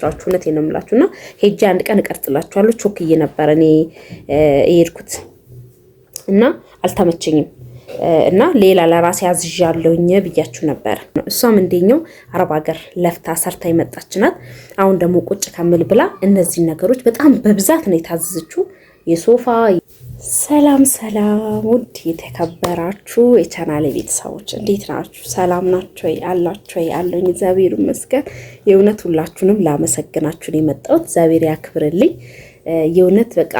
ስራችሁ እውነቴን ነው የምላችሁ። እና ሄጄ አንድ ቀን እቀርጽላችኋለሁ። ቾክዬ ነበረ እኔ የሄድኩት እና አልተመቸኝም እና ሌላ ለራሴ አዝዣለሁኝ ብያችሁ ነበረ። እሷም እንደኛው አረብ ሀገር ለፍታ ሰርታ የመጣች ናት። አሁን ደግሞ ቁጭ ከምል ብላ እነዚህን ነገሮች በጣም በብዛት ነው የታዘዘችው የሶፋ ሰላም ሰላም ውድ የተከበራችሁ የቻናል ቤተሰቦች እንዴት ናችሁ? ሰላም ናችሁ ወይ? አላችሁ ወይ? አለኝ እግዚአብሔር ይመስገን። የእውነት ሁላችሁንም ላመሰግናችሁን የመጣሁት እግዚአብሔር ያክብርልኝ። የእውነት በቃ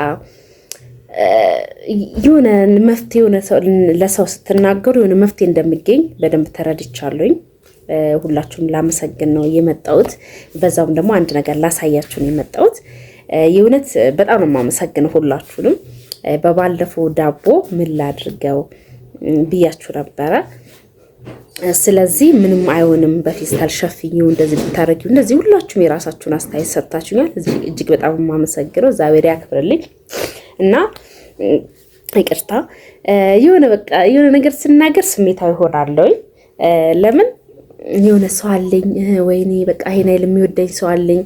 የሆነ መፍትሄ ለሰው ስትናገሩ የሆነ መፍትሄ እንደሚገኝ በደንብ ተረድቻለሁኝ። ሁላችሁም ላመሰግን ነው የመጣሁት። በዛውም ደግሞ አንድ ነገር ላሳያችሁን የመጣሁት የእውነት በጣም ነው የማመሰግነው ሁላችሁንም በባለፈው ዳቦ ምን ላድርገው ብያችሁ ነበረ። ስለዚህ ምንም አይሆንም፣ በፌስታል ሸፍኝው እንደዚህ ብታረጊው እንደዚህ። ሁላችሁም የራሳችሁን አስተያየት ሰጥታችሁኛል። እዚህ እጅግ በጣም የማመሰግነው እግዚአብሔር ያክብርልኝ እና ይቅርታ የሆነ በቃ የሆነ ነገር ስናገር ስሜታዊ ሆናለሁኝ። ለምን የሆነ ሰው አለኝ፣ ወይኔ በቃ ይሄን አይል የሚወደኝ ሰው አለኝ።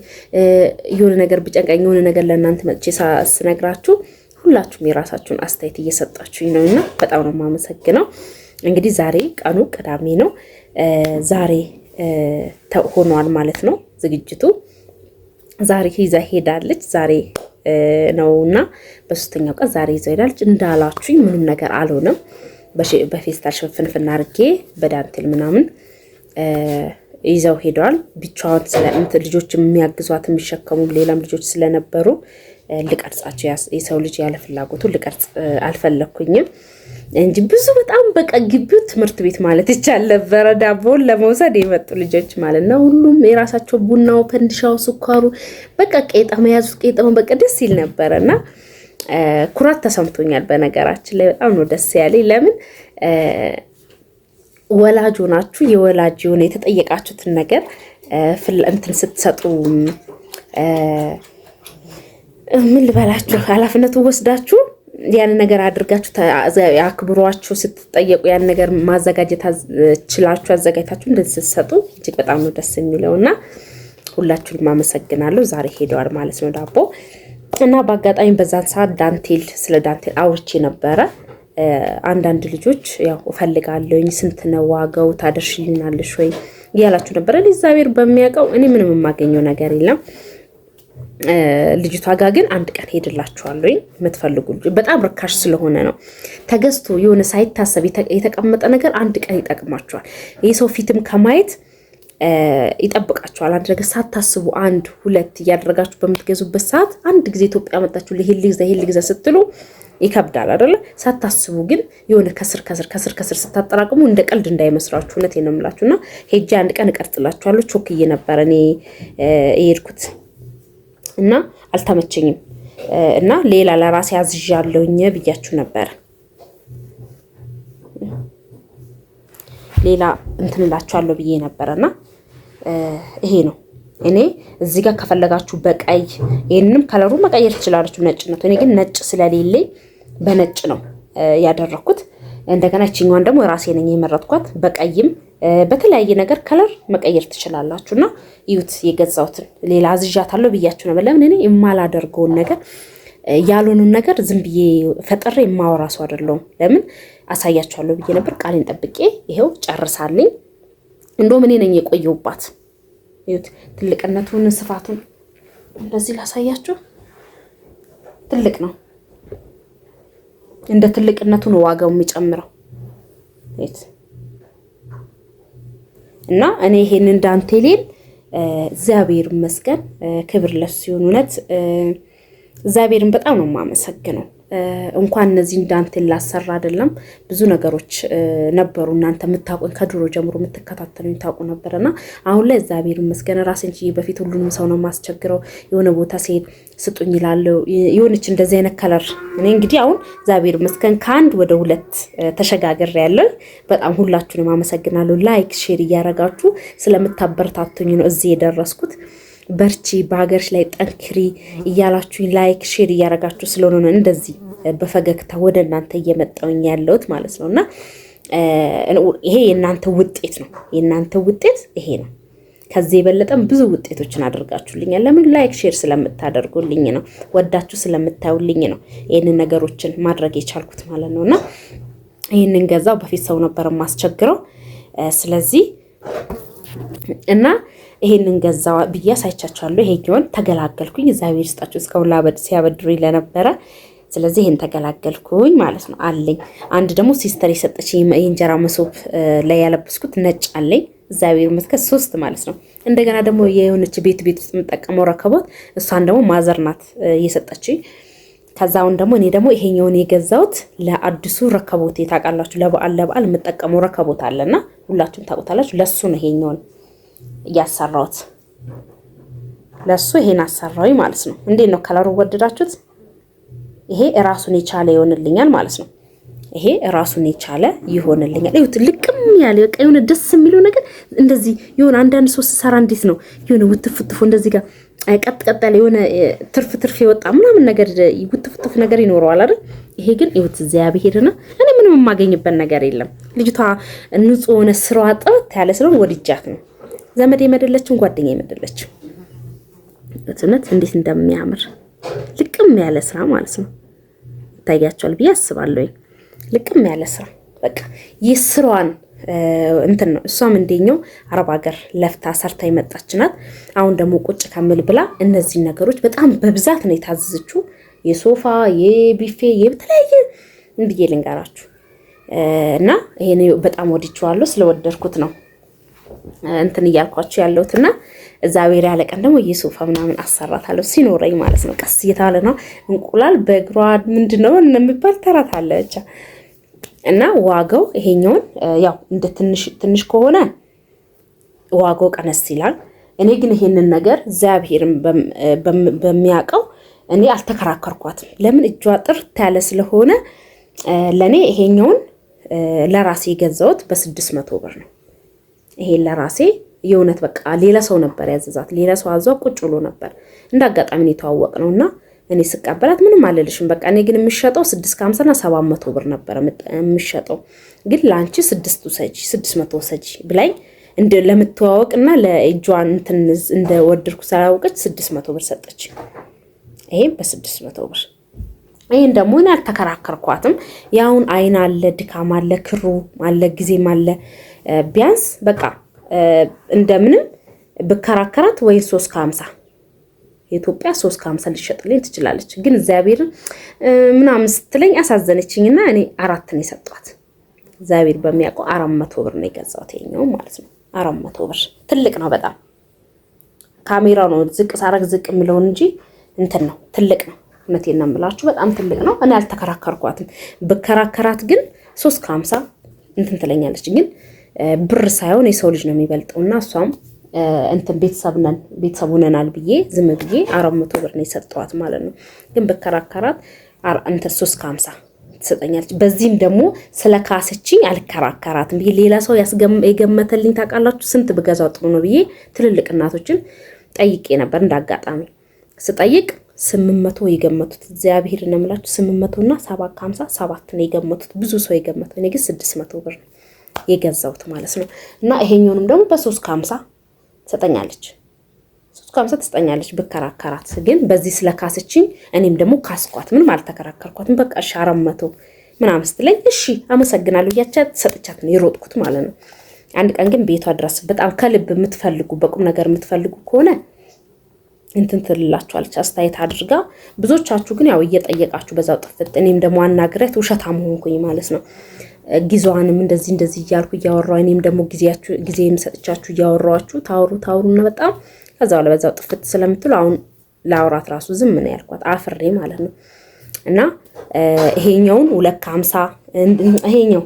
የሆነ ነገር ብጨንቀኝ የሆነ ነገር ለእናንተ መጥቼ ስነግራችሁ ሁላችሁም የራሳችሁን አስተያየት እየሰጣችሁኝ ነው እና በጣም ነው የማመሰግነው። እንግዲህ ዛሬ ቀኑ ቅዳሜ ነው። ዛሬ ሆኗል ማለት ነው ዝግጅቱ። ዛሬ ይዛ ሄዳለች ዛሬ ነው እና በሶስተኛው ቀን ዛሬ ይዘው ሄዳለች። እንዳላችሁኝ ምንም ነገር አልሆነም። በፌስታል ሽፍንፍና አድርጌ በዳንቴል ምናምን ይዘው ሄደዋል። ብቻዋን ልጆች የሚያግዟት የሚሸከሙ ሌላም ልጆች ስለነበሩ ልቀርጻቸው የሰው ልጅ ያለ ፍላጎቱ ልቀርጽ አልፈለግኩኝም እንጂ ብዙ በጣም በቃ ግቢው ትምህርት ቤት ማለት ይቻል ነበረ። ዳቦን ለመውሰድ የመጡ ልጆች ማለት ነው። ሁሉም የራሳቸው ቡናው፣ ፈንድሻው፣ ስኳሩ በቃ ቄጠማ የያዙት ቄጠማ በቃ ደስ ይል ነበረ እና ኩራት ተሰምቶኛል። በነገራችን ላይ በጣም ነው ደስ ያለኝ። ለምን ወላጅ ሆናችሁ የወላጅ የሆነ የተጠየቃችሁትን ነገር እንትን ስትሰጡ ምን ልበላችሁ ኃላፊነቱን ወስዳችሁ ያን ነገር አድርጋችሁ አክብሯችሁ ስትጠየቁ ያን ነገር ማዘጋጀት ችላችሁ አዘጋጅታችሁ እንደዚህ ስትሰጡ እጅግ በጣም ነው ደስ የሚለው እና ሁላችሁን አመሰግናለሁ። ዛሬ ሄደዋል ማለት ነው ዳቦ እና በአጋጣሚ በዛን ሰዓት ዳንቴል ስለ ዳንቴል አውርቼ ነበረ። አንዳንድ ልጆች ያው እፈልጋለኝ ስንት ነው ዋጋው ታደርሽልናለሽ ወይ እያላችሁ ነበረ። እግዚአብሔር በሚያውቀው እኔ ምንም የማገኘው ነገር የለም ልጅቷ ጋር ግን አንድ ቀን ሄድላችኋለሁ። የምትፈልጉ በጣም ርካሽ ስለሆነ ነው ተገዝቶ የሆነ ሳይታሰብ የተቀመጠ ነገር አንድ ቀን ይጠቅማችኋል። ይህ ሰው ፊትም ከማየት ይጠብቃችኋል። አንድ ነገር ሳታስቡ አንድ ሁለት እያደረጋችሁ በምትገዙበት ሰዓት አንድ ጊዜ ኢትዮጵያ መጣችሁ ይሄን ልግዛ ሄል ልግዛ ስትሉ ይከብዳል አይደለ? ሳታስቡ ግን የሆነ ከስር ከስር ከስር ከስር ስታጠራቅሙ እንደ ቀልድ እንዳይመስራችሁ። እውነቴን ነው የምላችሁ እና ሄጄ አንድ ቀን እቀርጽላችኋለሁ። ቾክዬ ነበር እኔ የሄድኩት እና አልተመቸኝም እና ሌላ ለራሴ አዝዣለሁኝ ብያችሁ ነበረ። ሌላ እንትን አለው ብዬ ነበረ እና ይሄ ነው እኔ እዚህ ጋር ከፈለጋችሁ በቀይ ይህንንም ከለሩ መቀየር ትችላለችሁ፣ ነጭነቱ። እኔ ግን ነጭ ስለሌለኝ በነጭ ነው ያደረኩት። እንደገና ይችኛዋን ደግሞ ራሴ ነኝ የመረጥኳት በቀይም በተለያየ ነገር ከለር መቀየር ትችላላችሁ። እና እዩት የገዛሁትን ሌላ አዝዣታለሁ ብያችሁ ነበር። ለምን እኔ የማላደርገውን ነገር ያልሆኑን ነገር ዝም ብዬ ፈጥሬ የማወራ ሰው አይደለሁም። ለምን አሳያችኋለሁ ብዬ ነበር። ቃሌን ጠብቄ ይሄው ጨርሳልኝ። እንደውም እኔ ነኝ የቆየሁባት። ዩት ትልቅነቱን፣ ስፋቱን እንደዚህ ላሳያችሁ። ትልቅ ነው። እንደ ትልቅነቱ ነው ዋጋው የሚጨምረው። እና እኔ ይሄንን ዳንቴሌን እግዚአብሔር ይመስገን፣ ክብር ለሱ ይሁን። እውነት እግዚአብሔርን በጣም ነው የማመሰግነው። እንኳን እነዚህ እንዳንተ ላሰራ አይደለም ብዙ ነገሮች ነበሩ። እናንተ የምታውቁኝ ከድሮ ጀምሮ የምትከታተሉኝ ታውቁ ነበርና አሁን ላይ እግዚአብሔር ይመስገን ራሴን ችዬ፣ በፊት ሁሉንም ሰው ነው የማስቸግረው። የሆነ ቦታ ሲሄድ ስጡኝ ይላለው። የሆነች እንደዚህ አይነት ከለር እኔ እንግዲህ አሁን እግዚአብሔር ይመስገን ከአንድ ወደ ሁለት ተሸጋገር ያለው በጣም ሁላችሁንም አመሰግናለሁ። ላይክ ሼር እያረጋችሁ ስለምታበረታቱኝ ነው እዚህ የደረስኩት። በርቺ፣ በሀገርሽ ላይ ጠንክሪ እያላችሁኝ ላይክ ሼር እያደረጋችሁ ስለሆነ ነው እንደዚህ በፈገግታ ወደ እናንተ እየመጣውኝ ያለሁት ማለት ነው። እና ይሄ የእናንተ ውጤት ነው። የእናንተ ውጤት ይሄ ነው። ከዚህ የበለጠም ብዙ ውጤቶችን አድርጋችሁልኛል። ለምን ላይክ ሼር ስለምታደርጉልኝ ነው፣ ወዳችሁ ስለምታዩልኝ ነው ይህንን ነገሮችን ማድረግ የቻልኩት ማለት ነው። እና ይህንን ገዛው በፊት ሰው ነበር ማስቸግረው። ስለዚህ እና ይሄንን ገዛ ብዬ አሳይቻችኋለሁ። ይሄኛውን ተገላገልኩኝ። እግዚአብሔር ይስጣችሁ እስካሁን ላበድ ሲያበድሩኝ ለነበረ ስለዚህ ይሄን ተገላገልኩኝ ማለት ነው አለኝ። አንድ ደግሞ ሲስተር የሰጠች የእንጀራ መሶብ ላይ ያለበስኩት ነጭ አለኝ። እግዚአብሔር ይመስገን ሶስት ማለት ነው። እንደገና ደግሞ የሆነች ቤት ቤት ውስጥ የምጠቀመው ረከቦት እሷን ደግሞ ማዘር ናት የሰጠችኝ። ከዛውን ደግሞ እኔ ደግሞ ይሄኛውን የገዛሁት ለአዲሱ ረከቦት ታውቃላችሁ፣ ለበዓል ለበዓል የምጠቀመው ረከቦት አለና ሁላችሁም ታውቁታላችሁ። ለሱ ነው ይሄኛውን እያሰራሁት ለሱ ይሄን አሰራዊ ማለት ነው። እንዴት ነው ከለሩ ወደዳችሁት? ይሄ ራሱን የቻለ ይሆንልኛል ማለት ነው። ይሄ ራሱን የቻለ ይሆንልኛል። ይሁት ልቅም ያለ በቃ የሆነ ደስ የሚለው ነገር እንደዚህ የሆነ አንዳንድ ሰው ስሰራ እንዴት ነው የሆነ ውትፍትፎ እንደዚህ ጋር ቀጥ ቀጥ ያለ የሆነ ትርፍ ትርፍ የወጣ ምናምን ነገር ውትፍትፍ ነገር ይኖረዋል አይደል? ይሄ ግን ይሁት እግዚአብሔርና እኔ ምንም የማገኝበት ነገር የለም። ልጅቷ ንጹህ ሆነ ስራዋ ጥርት ያለ ስለሆነ ወድጃት ነው። ዘመድ የመደለችም ጓደኛ የመደለችም እውነት እንዴት እንደሚያምር ልቅም ያለ ስራ ማለት ነው። ይታያቸዋል ብዬ አስባለሁ ልቅም ያለ ስራ በቃ ይህ ስሯን እንትን ነው። እሷም እንደኛው አረብ ሀገር ለፍታ ሰርታ የመጣች ናት። አሁን ደግሞ ቁጭ ከምል ብላ እነዚህን ነገሮች በጣም በብዛት ነው የታዘዘችው። የሶፋ የቢፌ የተለያየ ብዬ ልንገራችሁ እና ይሄን በጣም ወድችዋለሁ። ስለወደድኩት ነው እንትን እያልኳቸው ያለሁት እና እግዚአብሔር ያለ ቀን ደግሞ እየሱፋ ምናምን አሰራታለሁ ሲኖረኝ ማለት ነው። ቀስ እየተባለ ነው እንቁላል በእግሯ ምንድን ነው የሚባል አለ ብቻ እና ዋጋው ይሄኛውን ያው እንደ ትንሽ ከሆነ ዋጋው ቀነስ ይላል። እኔ ግን ይሄንን ነገር እግዚአብሔርን በሚያውቀው እኔ አልተከራከርኳትም። ለምን እጇ ጥርት ያለ ስለሆነ ለእኔ ይሄኛውን ለራሴ የገዛሁት በስድስት መቶ ብር ነው። ይሄ ለራሴ የእውነት በቃ ሌላ ሰው ነበር ያዘዛት። ሌላ ሰው አዟ ቁጭ ብሎ ነበር። እንደ አጋጣሚ የተዋወቅ ነው እና እኔ ስቀበላት ምንም አልልሽም። በቃ እኔ ግን የምሸጠው ስድስት እና ሰባት መቶ ብር ነበረ የምሸጠው፣ ግን ለአንቺ ስድስት ውሰጂ ስድስት መቶ ውሰጂ ብላኝ እንደ ለምትዋወቅ እና ለእጇን እንትን እንደወደድኩ ስላወቀች ስድስት መቶ ብር ሰጠች። ይሄም በስድስት መቶ ብር ይህን ደግሞ እኔ አልተከራከርኳትም። ያሁን አይን አለ፣ ድካም አለ፣ ክሩ አለ፣ ጊዜም አለ። ቢያንስ በቃ እንደምንም ብከራከራት ወይም ሶስት ከሀምሳ የኢትዮጵያ ሶስት ከሀምሳ ልሸጥልኝ ትችላለች። ግን እግዚአብሔርን ምናምን ስትለኝ አሳዘነችኝና እኔ አራት ነው የሰጧት እግዚአብሔር በሚያውቀው አራት መቶ ብር ነው የገዛሁት። ይኸኛው ማለት ነው አራት መቶ ብር ትልቅ ነው በጣም ካሜራ ነው ዝቅ ሳረግ ዝቅ የሚለውን እንጂ እንትን ነው ትልቅ ነው። እውነቴን ነው የምላችሁ በጣም ትልቅ ነው። እኔ አልተከራከርኳትም። ብከራከራት ግን ሶስት ከሀምሳ እንትን ትለኛለች። ግን ብር ሳይሆን የሰው ልጅ ነው የሚበልጠው እና እሷም እንትን ቤተሰብ ነን ቤተሰብ ሆነናል ብዬ ዝም ብዬ አራት መቶ ብር ነው የሰጠዋት ማለት ነው። ግን ብከራከራት እንትን ሶስት ከሀምሳ ትሰጠኛለች። በዚህም ደግሞ ስለ ካሰችኝ አልከራከራትም ብዬ ሌላ ሰው የገመተልኝ ታውቃላችሁ፣ ስንት ብገዛው ጥሩ ነው ብዬ ትልልቅ እናቶችን ጠይቄ ነበር። እንዳጋጣሚ ስጠይቅ ስምንት መቶ የገመቱት እግዚአብሔር ነው የምላችሁ። ስምንት መቶ እና ሰባት ከሀምሳ ሰባት ነው የገመቱት ብዙ ሰው የገመተው። እኔ ግን ስድስት መቶ ብር ነው የገዛሁት ማለት ነው። እና ይሄኛውንም ደግሞ በሶስት ከሀምሳ ትሰጠኛለች፣ ሶስት ከሀምሳ ትሰጠኛለች ብከራከራት። ግን በዚህ ስለካሰችኝ እኔም ደግሞ ካስኳት። ምንም አልተከራከርኳትም። በቃ እሺ አራት መቶ ምናምን ስትለኝ እሺ አመሰግናለሁ እያቻት ሰጥቻት ነው የሮጥኩት ማለት ነው። አንድ ቀን ግን ቤቷ ድረስ በጣም ከልብ የምትፈልጉ በቁም ነገር የምትፈልጉ ከሆነ እንትን ትልላችኋለች አስተያየት አድርጋ። ብዙዎቻችሁ ግን ያው እየጠየቃችሁ በዛው ጥፍት፣ እኔም ደግሞ አናግሬያት ውሸታም ሆንኩኝ ማለት ነው። ጊዜዋንም እንደዚህ እንደዚህ እያልኩ እያወራሁ እኔም ደግሞ ጊዜ የምሰጥቻችሁ እያወራችሁ ታወሩ ታወሩና በጣም ከዛ በኋላ በዛው ጥፍት ስለምትሉ አሁን ለአውራት ራሱ ዝም ነው ያልኳት፣ አፍሬ ማለት ነው። እና ይሄኛውን ሁለት ከሀምሳ ይሄኛው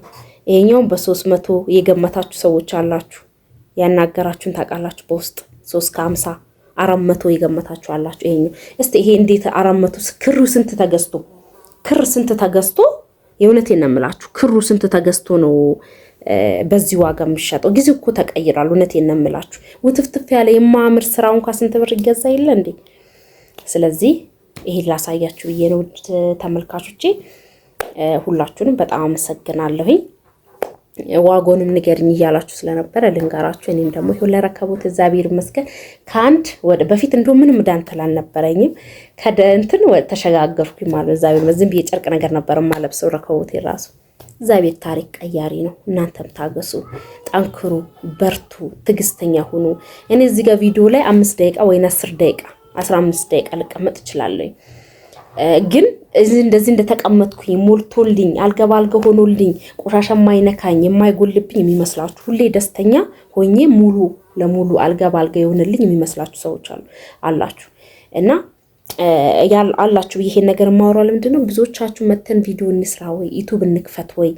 ይሄኛውን በሶስት መቶ የገመታችሁ ሰዎች አላችሁ፣ ያናገራችሁን ታውቃላችሁ። በውስጥ ሶስት ከሀምሳ አራት መቶ የገመታችሁ አላችሁ። ይሄ እስቲ ይሄ እንዴት አራት መቶ ክሩ ስንት ተገዝቶ ክር ስንት ተገዝቶ የእውነቴን ነው የምላችሁ ክሩ ስንት ተገዝቶ ነው በዚህ ዋጋ የሚሸጠው? ጊዜው እኮ ተቀይሯል። እውነቴን ነው የምላችሁ ውትፍትፍ ያለ የማያምር ስራው እንኳ ስንት ብር ይገዛ የለ እንዴ? ስለዚህ ይሄን ላሳያችሁ ብዬ ነው ተመልካቾቼ። ሁላችሁንም በጣም አመሰግናለሁኝ። ዋጎንም ንገርኝ እያላችሁ ስለነበረ ልንገራችሁ። እኔም ደግሞ ይሁን ለረከቡት እግዚአብሔር ይመስገን። ከአንድ ወደ በፊት እንዲሁ ምንም ዳንትል አልነበረኝም። ከደንትን ተሸጋገርኩ ማለት እግዚአብሔር ዝም ብዬ ጨርቅ ነገር ነበር ማለብሰው ረከቡት የራሱ እግዚአብሔር ታሪክ ቀያሪ ነው። እናንተም ታገሱ፣ ጠንክሩ፣ በርቱ፣ ትግስተኛ ሁኑ። እኔ እዚህ ጋር ቪዲዮ ላይ አምስት ደቂቃ ወይ አስር ደቂቃ አስራ አምስት ደቂቃ ልቀመጥ እችላለሁ። ግን እዚህ እንደዚህ እንደተቀመጥኩኝ ሞልቶልኝ አልጋ ባልጋ ሆኖልኝ ቆሻሻ የማይነካኝ የማይጎልብኝ የሚመስላችሁ ሁሌ ደስተኛ ሆኜ ሙሉ ለሙሉ አልጋ አልገ የሆነልኝ የሚመስላችሁ ሰዎች አሉ አላችሁ እና አላችሁ ይሄን ነገር የማወራው ለምንድን ነው ብዙዎቻችሁ መተን ቪዲዮ እንስራ ወይ ዩቱብ እንክፈት ወይ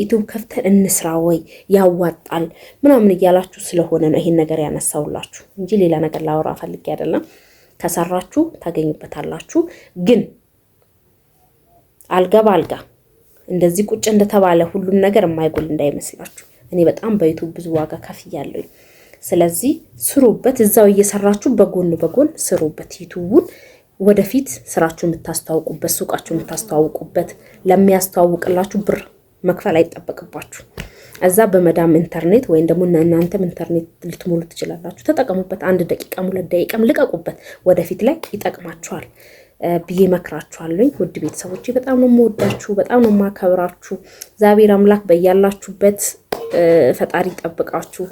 ዩቱብ ከፍተን እንስራ ወይ ያዋጣል ምናምን እያላችሁ ስለሆነ ነው ይሄን ነገር ያነሳውላችሁ እንጂ ሌላ ነገር ላወራ ፈልጌ አይደለም ከሰራችሁ ታገኙበታላችሁ ግን አልጋ በአልጋ እንደዚህ ቁጭ እንደተባለ ሁሉም ነገር የማይጎል እንዳይመስላችሁ። እኔ በጣም በዩቱብ ብዙ ዋጋ ከፍያለሁ። ስለዚህ ስሩበት፣ እዛው እየሰራችሁ በጎን በጎን ስሩበት። ዩቱቡን ወደፊት ስራችሁ የምታስተዋውቁበት፣ ሱቃችሁ የምታስተዋውቁበት፣ ለሚያስተዋውቅላችሁ ብር መክፈል አይጠበቅባችሁ። እዛ በመዳም ኢንተርኔት ወይም ደግሞ እናንተም ኢንተርኔት ልትሞሉ ትችላላችሁ። ተጠቀሙበት። አንድ ደቂቃም ሁለት ደቂቃም ልቀቁበት። ወደፊት ላይ ይጠቅማችኋል። ብዬ መክራችኋለኝ። ውድ ቤተሰቦቼ በጣም ነው የምወዳችሁ፣ በጣም ነው የማከብራችሁ። እግዚአብሔር አምላክ በያላችሁበት ፈጣሪ ይጠብቃችሁ፣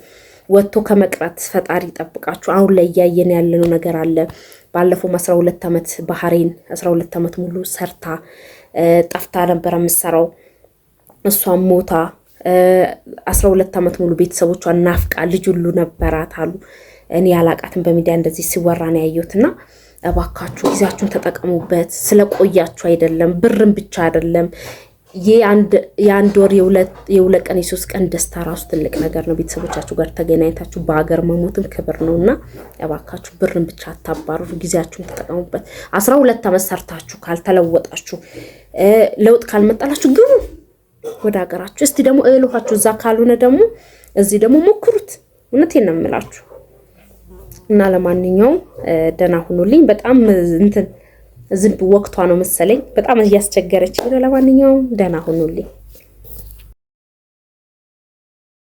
ወጥቶ ከመቅረት ፈጣሪ ይጠብቃችሁ። አሁን ላይ እያየን ያለነው ነገር አለ። ባለፈውም አስራ ሁለት ዓመት ባህሬን አስራ ሁለት ዓመት ሙሉ ሰርታ ጠፍታ ነበር የምትሰራው እሷም ሞታ አስራ ሁለት ዓመት ሙሉ ቤተሰቦቿ ናፍቃ ልጅ ሁሉ ነበራት አሉ። እኔ ያላቃትን በሚዲያ እንደዚህ ሲወራ ነው ያየሁት እና እባካችሁ ጊዜያችሁን ተጠቀሙበት። ስለቆያችሁ አይደለም ብርም ብቻ አይደለም። የአንድ ወር የሁለት ቀን የሶስት ቀን ደስታ ራሱ ትልቅ ነገር ነው። ቤተሰቦቻችሁ ጋር ተገናኝታችሁ በሀገር መሞትም ክብር ነው እና እባካችሁ ብርን ብቻ አታባሩ፣ ጊዜያችሁን ተጠቀሙበት። አስራ ሁለት ዓመት ሰርታችሁ ካልተለወጣችሁ ለውጥ ካልመጣላችሁ ግቡ ወደ ሀገራችሁ። እስቲ ደግሞ እህልኋችሁ እዛ ካልሆነ ደግሞ እዚህ ደግሞ ሞክሩት። እውነቴን ነው የምላችሁ። እና ለማንኛውም ደህና ሁኑልኝ። በጣም እንትን ዝንብ ወቅቷ ነው መሰለኝ፣ በጣም እያስቸገረች ነው። ለማንኛውም ደህና ሁኑልኝ።